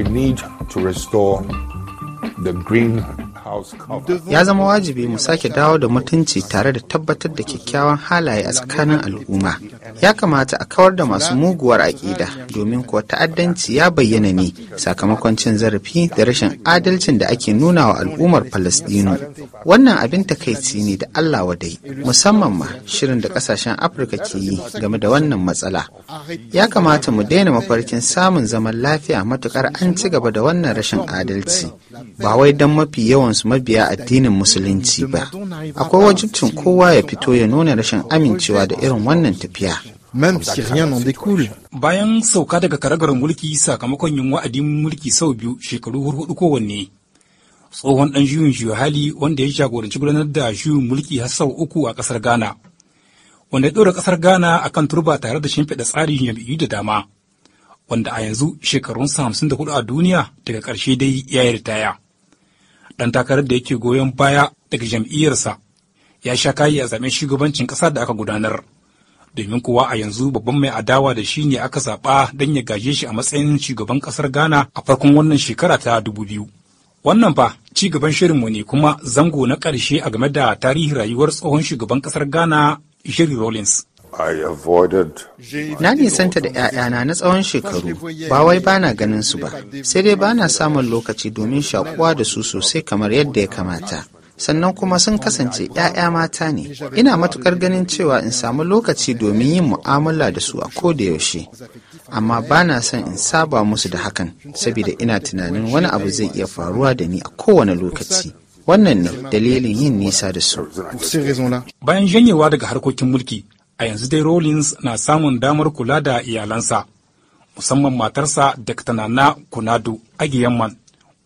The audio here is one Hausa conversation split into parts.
We need to restore the green ya zama wajibi mu sake dawo da mutunci tare da tabbatar da kyakkyawan halaye a tsakanin al'umma ya kamata a kawar da masu muguwar aƙida domin kuwa ta'addanci ya bayyana ne sakamakon cin zarafi da rashin adalcin da ake nuna wa al'ummar falastinu wannan abin takaici ne da allah wadai musamman ma shirin da ƙasashen afirka ke yi game da wannan matsala ya kamata mu daina mafarkin samun zaman lafiya matukar an ci gaba da wannan rashin adalci ba wai don mafi yawansu mabiya addinin musulunci ba akwai wajibcin kowa ya fito ya nuna rashin amincewa da irin wannan tafiya Bayan sauka daga karagarar mulki sakamakon yin wa'adin mulki sau biyu shekaru hudu kowanne. Tsohon ɗan juyin juya hali wanda ya jagoranci gudanar da juyin mulki har sau uku a ƙasar Ghana. Wanda ya ɗora ƙasar Ghana a kan turba tare da shimfiɗa tsarin jam'iyyu da dama. Wanda a yanzu shekarunsa hamsin da hudu a duniya daga ƙarshe dai ya yi ritaya. ɗan takarar da yake goyon baya daga jam'iyyarsa ya sha kayi a zaɓen shugabancin ƙasa da aka gudanar domin kuwa a yanzu babban mai adawa da shi ne aka zaɓa don ya gaje shi a matsayin shugaban ƙasar ghana a farkon wannan shekara ta dubu biyu wannan fa ci gaban shirinmu ne kuma zango na ƙarshe a game da tarihin rayuwar tsohon shugaban ƙasar ghana shirin rollins Na nisanta da 'ya'yana na tsawon shekaru, ba wai ba na ganin su ba, sai dai ba na samun lokaci domin shakuwa da su sosai kamar yadda ya kamata. Sannan kuma sun kasance 'ya'ya mata ne, ina matukar ganin cewa in samu lokaci domin yin mu'amala da su a koda yaushe. Amma ba na son in saba musu da hakan, saboda ina tunanin wani abu zai iya faruwa da ni a kowane lokaci. Wannan ne dalilin yin nisa da su. Bayan janyewa daga harkokin mulki, a yanzu dai Rawlings na samun damar kula da iyalansa, musamman matarsa da tana na Kunadu Agiyanman,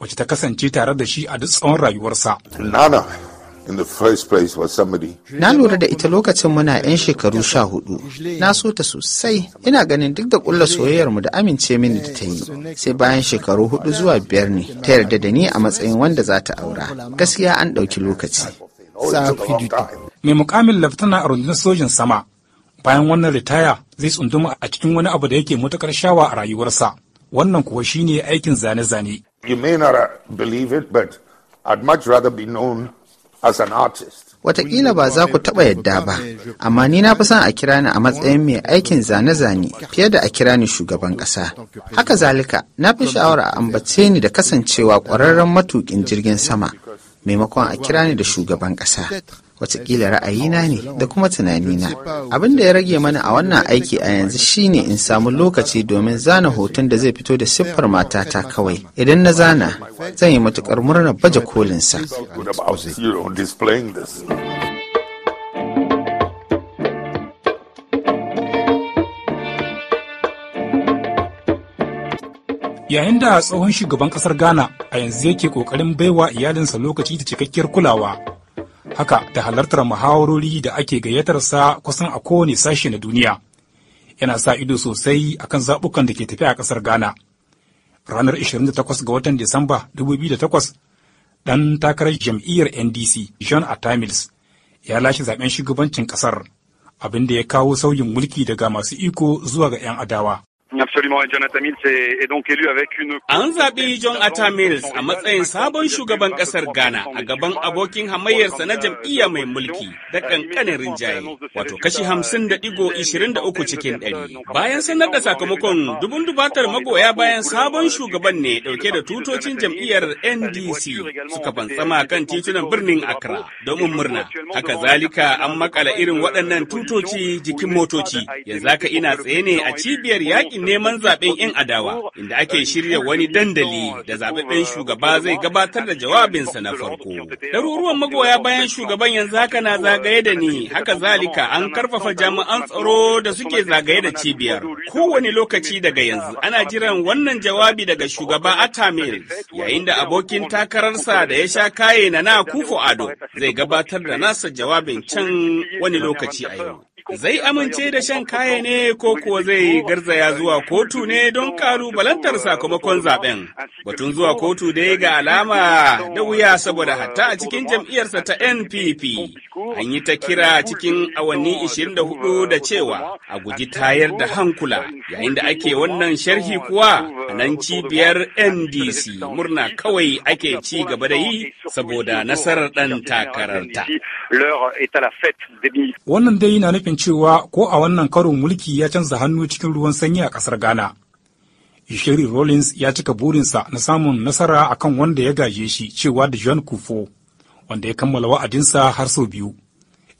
wacce ta kasance tare da shi a duk tsawon rayuwarsa. Nana Na lura da ita lokacin muna 'yan shekaru sha hudu, na so ta sosai, ina ganin duk da ƙulla soyayyarmu da amince mini da ta yi, sai bayan shekaru hudu zuwa biyar ne ta yarda da ni a matsayin wanda za ta aura. Gaskiya an ɗauki lokaci. Oh, Mai mukamin laftana a rundunar sojin sama, bayan wannan ritaya zai tsunduma a cikin wani abu da yake matukar shawa a rayuwarsa wannan kuwa shine aikin zane-zane you may not uh, believe it but i'd much rather be known as an artist Wataƙila ba za ku taɓa yadda ba, amma ni na fi son a kira ni a matsayin mai aikin zane-zane fiye da a kira ni shugaban ƙasa. Haka zalika, na fi sha'awar a ambace ni da kasancewa ƙwararren matuƙin jirgin sama, maimakon a kira ni da shugaban ƙasa. watakila ra'ayina ne da kuma tunanina abin da ya rage mana a wannan aiki a yanzu shine in samu lokaci domin zana hoton da zai fito da siffar matata kawai idan na zana zan yi matukar murnar baje kolinsa yayin da tsohon shugaban kasar ghana a yanzu yake kokarin baiwa iyalinsa lokaci da cikakkiyar kulawa haka da halartar muhawarori da ake gayyatarsa kusan a kowane sashe na duniya yana sa ido sosai a kan zaɓukan da ke tafiya a ƙasar ghana ranar 28 ga watan disamba 2008 ɗan takarar jam'iyyar ndc john atamils ya lashe zaɓen shugabancin ƙasar abin da ya kawo sauyin mulki daga masu iko zuwa ga 'yan adawa Absolument, Jonathan Mills est donc élu avec une... An zaɓi John Atta Mills a matsayin sabon shugaban ƙasar Ghana a gaban abokin hamayyarsa na jam'iyya mai mulki da ƙanƙanin rinjaye, wato kashi hamsin da ɗigo ishirin da uku cikin ɗari. Bayan sanar da sakamakon dubun dubatar magoya bayan sabon shugaban ne ɗauke da tutocin jam'iyyar NDC suka fantsama kan titunan birnin Accra domin murna. Haka zalika an makala irin waɗannan tutoci jikin motoci, yanzu haka ina tsaye ne a cibiyar yaƙin neman zaɓen 'yan adawa inda ake shirya wani dandali da zaɓaɓɓen shugaba zai gabatar da jawabinsa na farko. Ɗaruruwan magoya bayan shugaban yanzu haka na zagaye da ni haka zalika an karfafa jami'an tsaro da suke zagaye da cibiyar. Kowane lokaci daga yanzu ana jiran wannan jawabi daga shugaba Atta yayin da abokin takararsa da ya sha kaye na na kufo Ado zai gabatar da nasa jawabin can wani lokaci a yau. zai amince da shan kaya ne ko kuwa zai garzaya zuwa kotu ne don kalubalantar sakamakon zaben. Batun zuwa kotu dai ga alama da wuya saboda hatta a cikin jam'iyyarsa ta NPP an yi ta kira cikin awanni 24 da cewa a guji tayar da hankula yayin da ake wannan sharhi kuwa a nan cibiyar NDC murna kawai ake ci gaba da yi saboda nasarar ɗan takararta. Wannan dai na nufin ganin cewa ko a wannan karon mulki ya canza hannu cikin ruwan sanyi a ƙasar Ghana. Ishiri Rollins ya cika burinsa na samun nasara a kan wanda ya gaje shi cewa da John Kufo, wanda ya kammala wa'adinsa har sau biyu.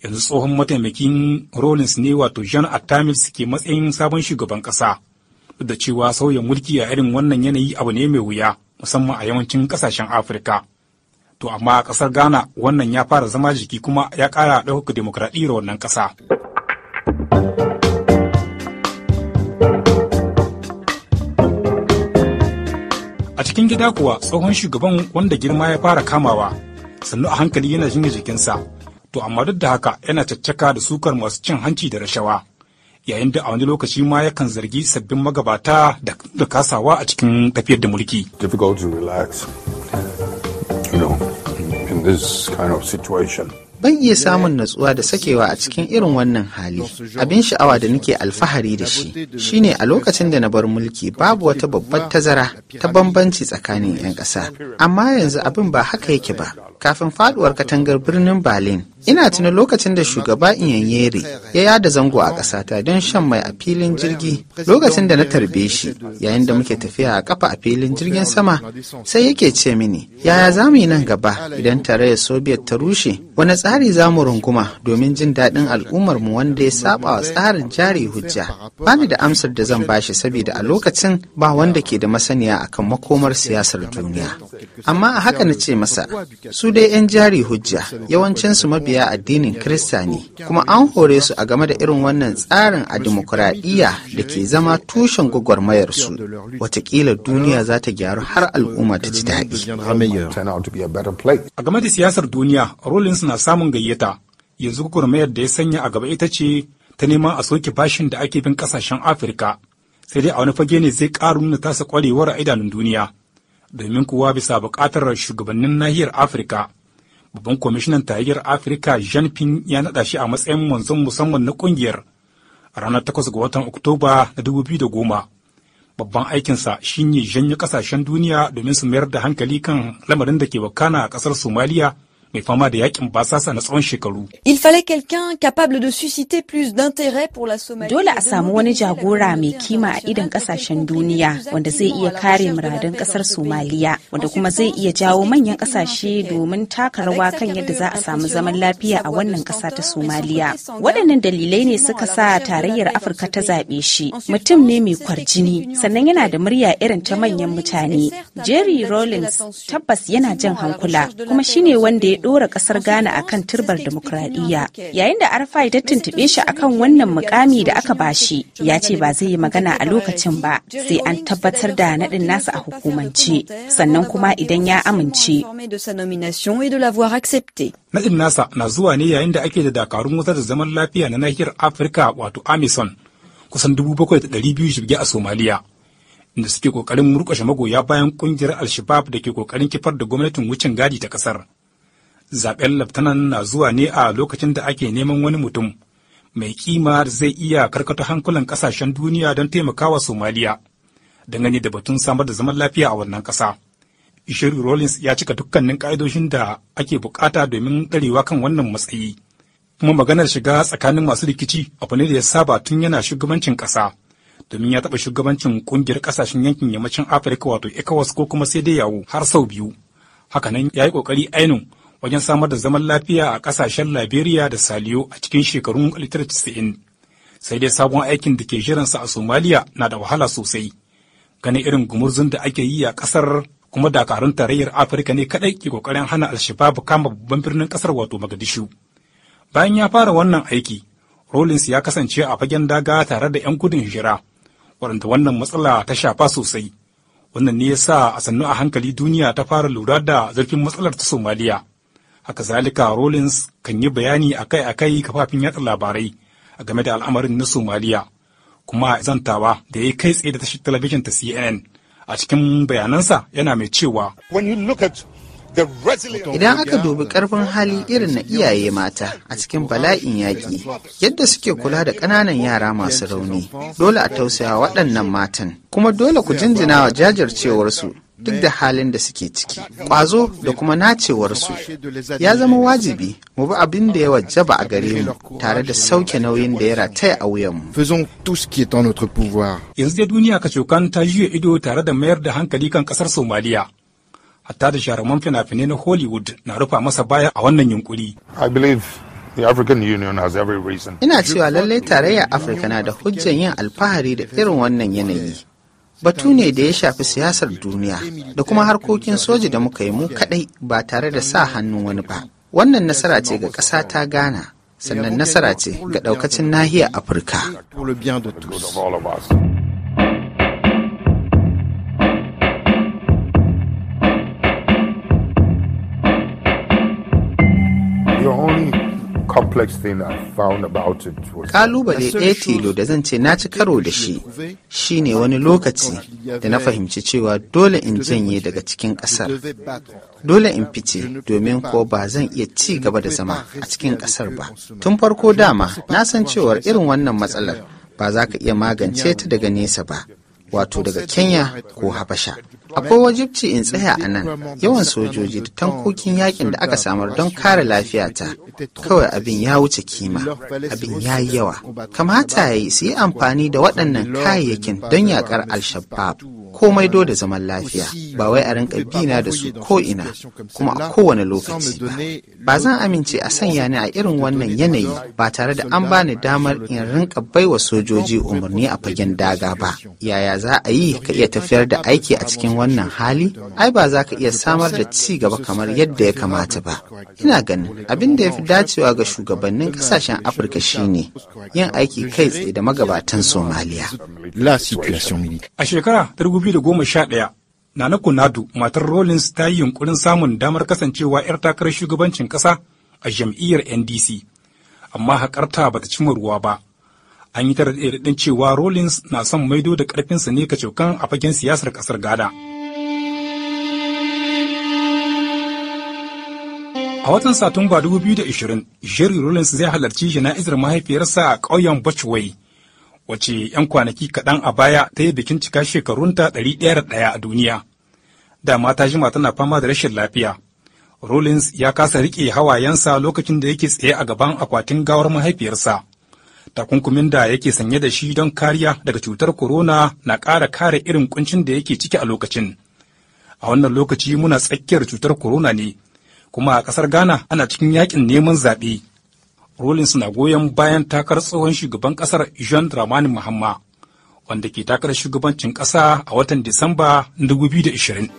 Yanzu tsohon mataimakin Rollins ne wato John attamils ke matsayin sabon shugaban ƙasa. Duk da cewa sauya mulki a irin wannan yanayi abu ne mai wuya, musamman a yawancin ƙasashen Afirka. To amma a ƙasar Ghana wannan ya fara zama jiki kuma ya ƙara ɗaukaka demokradiyyar wannan ƙasa. cikin gida kuwa tsohon shugaban wanda girma ya fara kamawa sannu a hankali yana jinya jikinsa to amma duk da haka yana caccaka da sukar masu cin hanci da rashawa yayin da a wani lokaci ma yakan zargi sabbin magabata da kasawa a cikin tafiyar da mulki. Difficult to relax, you know, in this kind of situation. ban iya samun natsuwa da sakewa a cikin irin wannan hali abin sha'awa da nake alfahari da shi shine a lokacin da na bar mulki babu wata babbar tazara ta bambanci tsakanin 'yan ƙasa amma yanzu abin ba haka yake ba kafin faduwar katangar birnin Berlin. Ina tuna lokacin da shugaba yeri ya yada zango a ƙasata don shan mai a filin jirgi lokacin da na tarbe shi yayin da muke tafiya a kafa a filin jirgin sama sai yake ce mini yaya za mu yi nan gaba idan tarayyar Soviet ta rushe wani tsari za mu runguma domin jin daɗin al'ummar mu wanda ya saba wa tsarin jari hujja. Bani da amsar da zan bashi saboda a lokacin ba wanda ke da masaniya akan makomar siyasar duniya. Amma a haka na ce masa su dai 'yan jari hujja yawancinsu mabiya addinin Kirista ne, kuma an hore su a game da irin wannan tsarin a dimokuraɗiyya da ke zama tushen gwagwarmayarsu. Watakila duniya za ta gyaru har al'umma ta ji daɗi. A game da siyasar duniya, Rollins na samun gayyata. Yanzu gwagwarmayar da ya sanya a gaba ita ce ta neman a soke bashin da ake bin ƙasashen Afirka. Sai dai a wani fage ne zai ƙara nuna tasa ƙwarewar a idanun duniya. domin kuwa bisa buƙatar shugabannin nahiyar afirka babban kwamishinan tarayyar afirka jean pin ya naɗa shi a matsayin manzon musamman na ƙungiyar a ranar takwas ga watan oktoba na dubu biyu da goma babban aikinsa shine janyo ƙasashen duniya domin su mayar da hankali kan lamarin da ke wakana a ƙasar somaliya mai fama da yakin basasa na tsawon shekaru. Il fallait quelqu'un capable de susciter plus d'intérêt pour la Somalie. Dole a samu wani jagora mai kima a idan kasashen duniya wanda zai iya kare muradun kasar Somaliya wanda kuma zai iya jawo manyan kasashe domin taka rawa kan yadda za a samu zaman lafiya a wannan kasa ta Somaliya. Waɗannan dalilai ne suka sa tarayyar Afirka ta zaɓe shi. Mutum ne mai kwarjini sannan yana da murya irin ta manyan mutane. Jerry Rawlings tabbas yana jan hankula kuma shine wanda ya ɗora ƙasar Ghana akan turbar demokradiyya. Yayin da Arfai ta tuntube shi akan wannan mukami da aka bashi, ya ce ba zai yi magana a lokacin ba sai an tabbatar da naɗin nasa a hukumance, sannan kuma idan ya amince. Naɗin nasa na zuwa ne yayin da ake da dakarun wutar da zaman lafiya na nahiyar Afirka wato Amison kusan 7,200 shirge a Somaliya. inda suke kokarin murkushe magoya bayan ƙungiyar al da ke kokarin kifar da gwamnatin wucin gadi ta kasar. zaben laftanan na zuwa ne a lokacin da ake neman wani mutum mai kima da zai iya karkata hankulan kasashen duniya don taimakawa somaliya dangane da batun samar da zaman lafiya a wannan ƙasa. Ishiri Rollins ya cika dukkanin ka'idoshin da ake bukata domin ɗarewa kan wannan matsayi. Kuma maganar shiga tsakanin masu rikici abu ne da ya saba tun yana shugabancin ƙasa. Domin ya taɓa shugabancin ƙungiyar ƙasashen yankin yammacin Afirka wato ECOWAS ko kuma sai dai yawo har sau biyu. Hakanan ya yi ƙoƙari ainihin wajen samar da zaman lafiya a ƙasashen Liberia da Saliyo a cikin shekarun 1990. Sai dai sabon aikin da ke jiransa a Somalia na da wahala sosai. gani irin gumurzun da ake yi a ƙasar kuma dakarun tarayyar Afirka ne kaɗai ke ƙoƙarin hana al kama babban birnin ƙasar wato Magadishu. Bayan ya fara wannan aiki, Rollins ya kasance a fagen daga tare da 'yan gudun hijira, waɗanda wannan matsala ta shafa sosai. Wannan ne ya sa a sannu a hankali duniya ta fara lura da zurfin matsalar ta Somaliya. haka zalika Rawlings kan yi bayani akai-akai kafafin yatsa labarai a game da al'amarin na Somaliya, kuma zantawa da ya kai tsaye da tashar talabijin ta CNN a cikin bayanansa yana mai cewa. Idan aka dubi karfin hali irin na iyaye mata a cikin bala'in yaƙi, yadda suke kula da ƙananan yara masu rauni, dole a tausaya waɗannan matan, kuma dole ku jinjina wa jajircewarsu duk da halin da suke ciki ƙwazo da kuma nacewarsu ya zama wajibi mu bi abin da ya wajaba a gare mu tare da sauke nauyin da ya rataya a wuyan wuyanmu yanzu da duniya ka cokan ta juya ido tare da mayar da hankali kan ƙasar somaliya hatta da sharaman fina-finai na hollywood na rufa masa baya a wannan yunkuri The African Union has every reason. Ina cewa lallai tarayyar Afirka na da hujjan yin alfahari da irin wannan yanayi. batu ne da ya shafi siyasar duniya da kuma harkokin soja da muka yi mu kaɗai ba tare da sa hannun wani ba wannan nasara ce ga ƙasa ta ghana sannan nasara ce ga ɗaukacin nahiyar afirka kalubale ɗaya tilo da zan ce na ci karo da shi shine wani lokaci da na fahimci cewa dole in janye daga cikin ƙasar. Dole in fice domin ko ba zan iya ci gaba da zama a cikin ƙasar ba. Tun farko dama na san cewar irin wannan matsalar ba za ka iya magance ta daga nesa ba. wato daga Kenya ko Habasha. Akwai wajibci in tsaya a nan yawan sojoji da tankokin yakin da aka samar don kare lafiyata kawai abin ya wuce kima abin ya yi yawa kamata ya yi su yi amfani da waɗannan kayayyakin don yakar al-shabab komai do da zaman lafiya ba wai a euh, rinka bina da su ko ina kuma a kowane lokaci ba ba zan amince a sanya ni a irin wannan yanayi ba tare da an bani damar in rinka baiwa sojoji umarni a fagen daga ba yaya za a yi ka iya tafiyar da aiki a cikin wannan hali ai ba za ka iya samar da ci gaba kamar yadda ya kamata ba ina ganin abin da ya fi dacewa ga shugabannin kasashen afirka shine yin aiki kai tsaye da magabatan somaliya a shekara 2011 Nana Kunadu matar Rawlings ta yi yunkurin samun damar kasancewa 'yar takarar shugabancin ƙasa a jam'iyyar NDC, amma haƙarta ba ta cimma ruwa ba. An yi daɗin cewa Rawlings na son maido da ƙarfinsa ne kacokan a fagen siyasar ƙasar Ghana. A watan Satumba 2020, Jerry Rawlings zai halarci jana'izar mahaifiyarsa a ƙauyen Bachway. wace 'yan kwanaki kaɗan a baya ta yi bikin cika shekarunta ɗari ɗaya ɗaya a duniya. ma ta jima tana fama da rashin lafiya. Rollins ya kasa riƙe hawayensa lokacin da yake tsaye a gaban akwatin gawar mahaifiyarsa. Takunkumin da yake sanye da shi don kariya daga cutar corona na ƙara kare irin ƙuncin da yake ciki a lokacin. A wannan lokaci muna tsakiyar cutar corona ne, kuma a ƙasar Ghana ana cikin yaƙin neman zaɓe. Rawlings na goyon bayan takar tsohon shugaban ƙasar jean Dramani Mahama wanda ke takarar shugabancin ƙasa a watan Disamba 2020.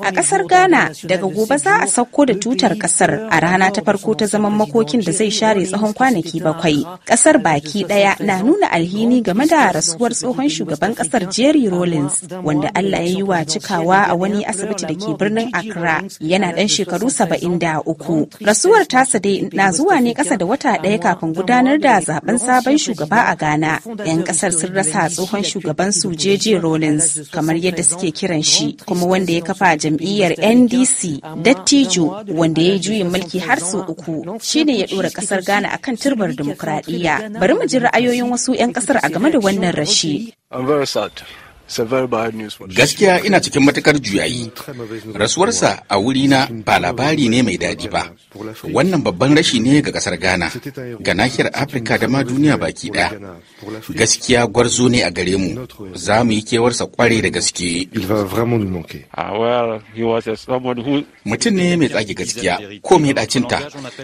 A ƙasar Ghana daga gobe za a sauko da tutar ƙasar a rana ta farko ta zaman makokin da zai share tsawon kwanaki bakwai. Ƙasar baki ɗaya na nuna alhini game da rasuwar tsohon shugaban ƙasar Jerry Rawlings wanda Allah ya yi wa cikawa a wani asibiti da ke birnin Accra yana ɗan shekaru saba'in uku. Rasuwar tasa na zuwa ne ƙasa da wata ɗaya kafin gudanar da zaben sabon shugaba a Ghana, 'yan kasar sun rasa tsohon shugaban su JJ Rawlings kamar yadda suke kiran shi, kuma wanda ya kafa jam'iyyar NDC, Dattijo, wanda ya yi juyin mulki har su uku, shine ya ɗora kasar Ghana akan turbar dimokuraɗiyya. Bari mu ji ra'ayoyin wasu 'yan kasar a game da wannan rashi. Gaskiya ina cikin matukar juyayi. Rasuwarsa a wurina ba labari ne mai daɗi ba. Wannan babban rashi ne ga ƙasar Ghana, ga nahiyar Afirka da ma duniya baki ɗaya. Gaskiya gwarzo ne a gare mu, za mu yi kewarsa kware da gaske. Ah, mutum ne mai tsage gaskiya, ko mai ɗacinta.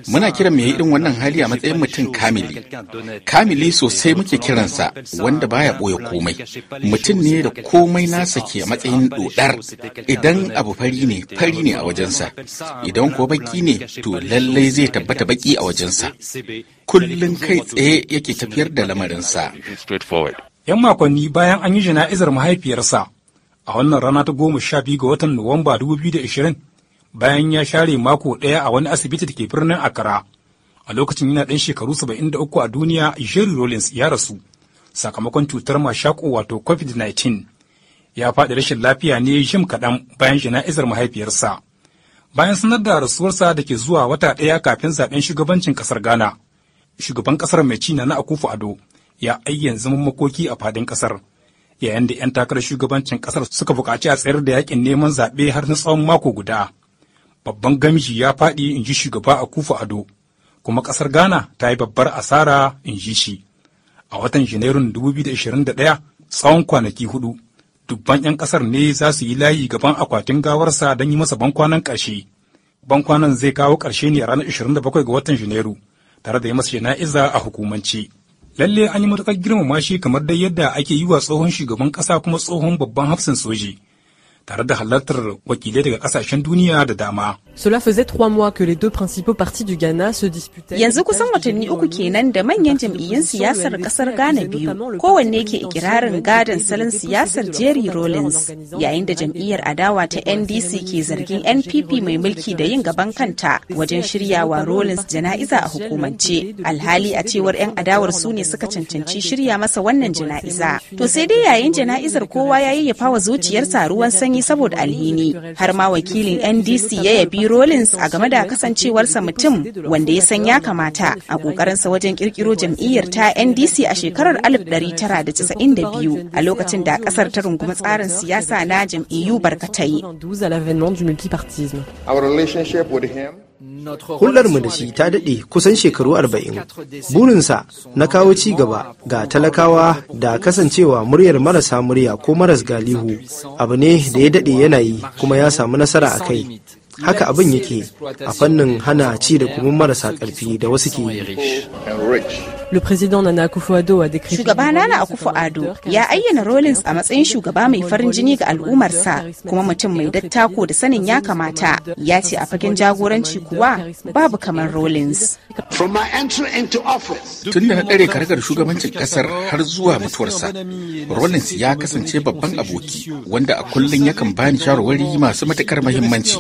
Muna kiran mai irin wannan hali a matsayin mutum kamili. Kamili sosai muke kiransa, wanda baya ɓoye komai. Mutum ne da komai nasa ke matsayin dodar idan abu fari ne fari ne a wajensa idan ko baki ne to lallai zai tabbata baki a wajensa kullum kai tsaye yake tafiyar da lamarinsa yan makonni bayan an yi jana'izar mahaifiyarsa a wannan rana ta goma sha biyu ga watan nuwamba 2020 bayan ya share mako ɗaya a wani asibiti da ke birnin akara a lokacin yana ɗan shekaru saba'in da uku a duniya jerry rollins ya rasu sakamakon cutar mashaƙo wato covid-19 ya faɗi rashin lafiya ne jim kaɗan bayan jana'izar mahaifiyarsa bayan sanar da rasuwarsa da ke zuwa wata ɗaya kafin zaɓen shugabancin ƙasar ghana shugaban ƙasar mai ci na akufu ado ya ayyan zaman makoki a fadin ƙasar yayin da 'yan takarar shugabancin ƙasar suka buƙaci a tsayar da yaƙin neman zaɓe har na tsawon mako guda babban gamji ya faɗi in ji shugaba akufu ado kuma ƙasar ghana ta yi babbar asara in ji shi a watan Janairun 2021 tsawon kwanaki hudu. Dubban 'yan kasar ne za su yi layi gaban akwatin gawarsa don yi masa bankwanan ƙarshe. Bankwanan zai kawo ƙarshe ne a ranar 27 ga watan Janairu, tare da yi masa jana'iza a hukumance. Lalle an yi matuƙar girmama shi kamar dai yadda ake yi wa tsohon shugaban ƙasa kuma tsohon babban hafsin soji. tare da halartar wakilai daga kasashen duniya da dama. Cela faisait trois mois que les deux principaux partis du Ghana se disputaient. Yanzu kusan watanni uku kenan da manyan jam'iyyun siyasar kasar Ghana biyu kowanne ke ikirarin gadon salon siyasar Jerry Rawlings yayin da jam'iyyar adawa ta NDC ke zargin NPP mai mulki da yin gaban kanta wajen shiryawa Rawlings jana'iza a hukumance. Alhali a cewar 'yan adawar su ne suka cancanci shirya masa wannan jana'iza. To sai dai yayin jana'izar kowa ya yayyafa wa zuciyarsa ruwan sanyi alhini saboda alhini har ma wakilin ndc ya yabi rollins a game da kasancewarsa mutum wanda ya san ya kamata a kokarinsa wajen kirkiro jam'iyyar ta ndc a shekarar 1992 a lokacin da kasar ta rungumi tsarin siyasa na jam'iyyu barkatai Hullarmu da shi ta daɗe kusan shekaru arba'in. Burinsa na kawo ci gaba ga talakawa da kasancewa muryar marasa murya ko maras galihu abu ne da ya daɗe yana yi kuma ya samu nasara a kai. Haka abin yake a fannin hana ci da kuma marasa ƙarfi da wasu ke yi. Shugaba Nana Akufo-Addo ya ayyana Rawlings a matsayin shugaba mai farin jini ga al'ummarsa kuma mutum mai dattako da sanin ya kamata ya ce a fagen jagoranci kuwa babu kamar Rawlings. Tun da na ɗare karagar shugabancin ƙasar har zuwa mutuwarsa, Rawlings ya kasance babban aboki wanda a kullum yakan bani shawarwari masu matuƙar muhimmanci.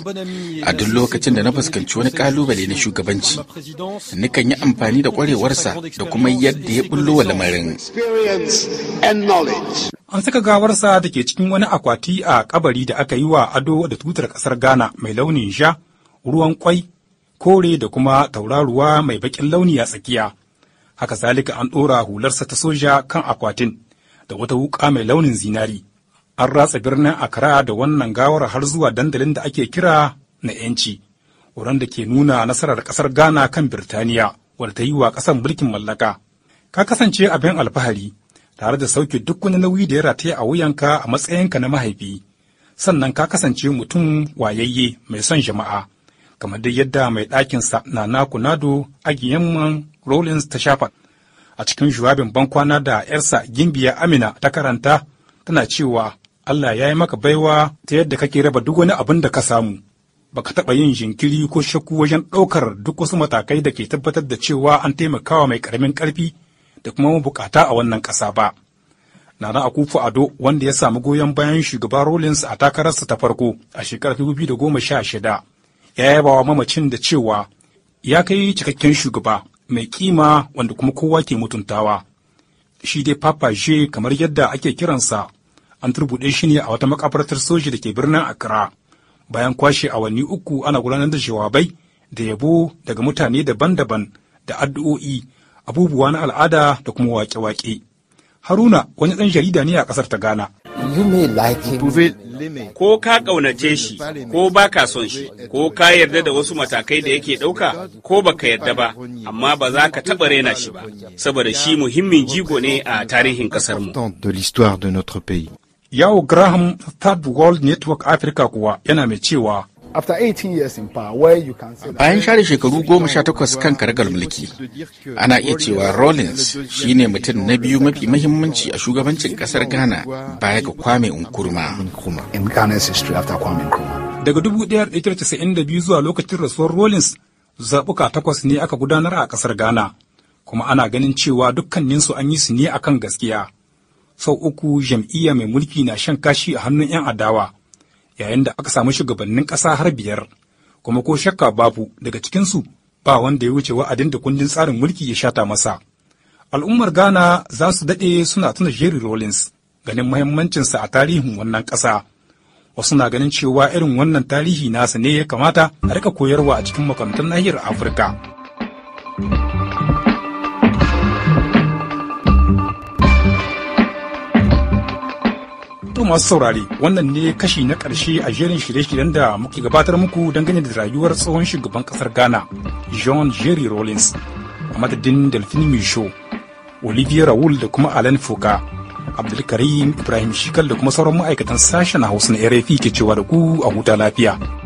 A duk lokacin da na fuskanci wani ƙalubale na shugabanci, nikan yi amfani da ƙwarewarsa da kuma yadda ya bullo wa lamarin. An saka gawarsa da ke cikin wani akwati a kabari da aka yi wa ado da tutar kasar Ghana mai launin sha, ruwan kwai, kore da kuma tauraruwa mai baƙin launi a tsakiya. Haka zalika an ɗora hularsa ta soja kan akwatin da wata wuƙa mai launin zinari. An ratsa birnin akara da wannan gawar har zuwa dandalin da ake kira na 'yanci. wurin da ke nuna nasarar kasar Ghana kan Birtaniya. wadda ta yi wa ƙasan mulkin mallaka. Ka kasance abin alfahari tare da sauke duk wani nauyi da ya rataya a wuyanka a matsayinka na mahaifi. Sannan ka kasance mutum wayayye mai son jama'a, kamar dai yadda mai ɗakinsa na Kunado Agiyemman Rollins ta shafa. A cikin juwabin bankwana da ‘yarsa Gimbiya Amina ta karanta, tana cewa Allah ya yi maka baiwa ta yadda kake raba duk wani abin da ka samu. ba ka taɓa yin jinkiri ko shakku wajen ɗaukar duk wasu matakai da ke tabbatar da cewa an taimakawa mai ƙaramin ƙarfi da kuma mabukata a wannan ƙasa ba. Nana Akufu Ado wanda ya samu goyon bayan shugaba Rollins a takararsa ta farko a shekarar 2016 ya yaba wa mamacin da cewa ya kai cikakken shugaba mai kima wanda kuma kowa ke mutuntawa. Shi dai Papa J kamar yadda ake kiransa an turbuɗe shi ne a wata makabartar soji da ke birnin Accra bayan kwashe awanni uku ana gudanar da jawabai da yabo daga mutane daban-daban da addu'o'i abubuwa na al'ada da kuma wake-wake haruna wani ɗan jarida ne a ƙasar ta gana. ko ka ƙaunace shi ko ba ka son shi ko ka yarda da wasu matakai da yake ɗauka ko ba ka yarda ba amma ba za ka taɓa rena shi ba saboda shi muhimmin jigo ne a tarihin ƙasarmu Yawo Graham Third World Network Africa kuwa yana mai cewa Bayan share shekaru goma sha takwas kan karagar mulki, ana iya cewa Rawlings shi ne mutum na biyu mafi mahimmanci a shugabancin kasar Ghana baya ga Kwame nkuruma. Daga 1992 zuwa lokacin rasuwar Rawlings, zaɓuka takwas ne aka gudanar a kasar Ghana, kuma ana ganin cewa dukkaninsu an yi su ne akan gaskiya. sau uku jam'iyya mai mulki na shan kashi a hannun 'yan adawa yayin da aka samu shugabannin ƙasa har biyar kuma ko shakka babu daga cikinsu ba wanda ya wuce wa'adin da kundin tsarin mulki ya shata masa al'ummar ghana za su daɗe suna tuna jerry rollins ganin mahimmancinsa a tarihin wannan ƙasa wasu na ganin cewa irin wannan tarihi nasa ne ya kamata a rika koyarwa a cikin makarantun nahiyar afirka. thank you masu saurare wannan ne kashi na karshe a jerin shirye-shiryen da muke gabatar muku dangane da rayuwar tsohon shugaban ƙasar ghana john jerry rollins a madadin delphine michaud olivier raoul da kuma alan foka abdulkarim ibrahim shikal da kuma sauran ma'aikatan sashen hausa na rfi ke cewa da ku a huta lafiya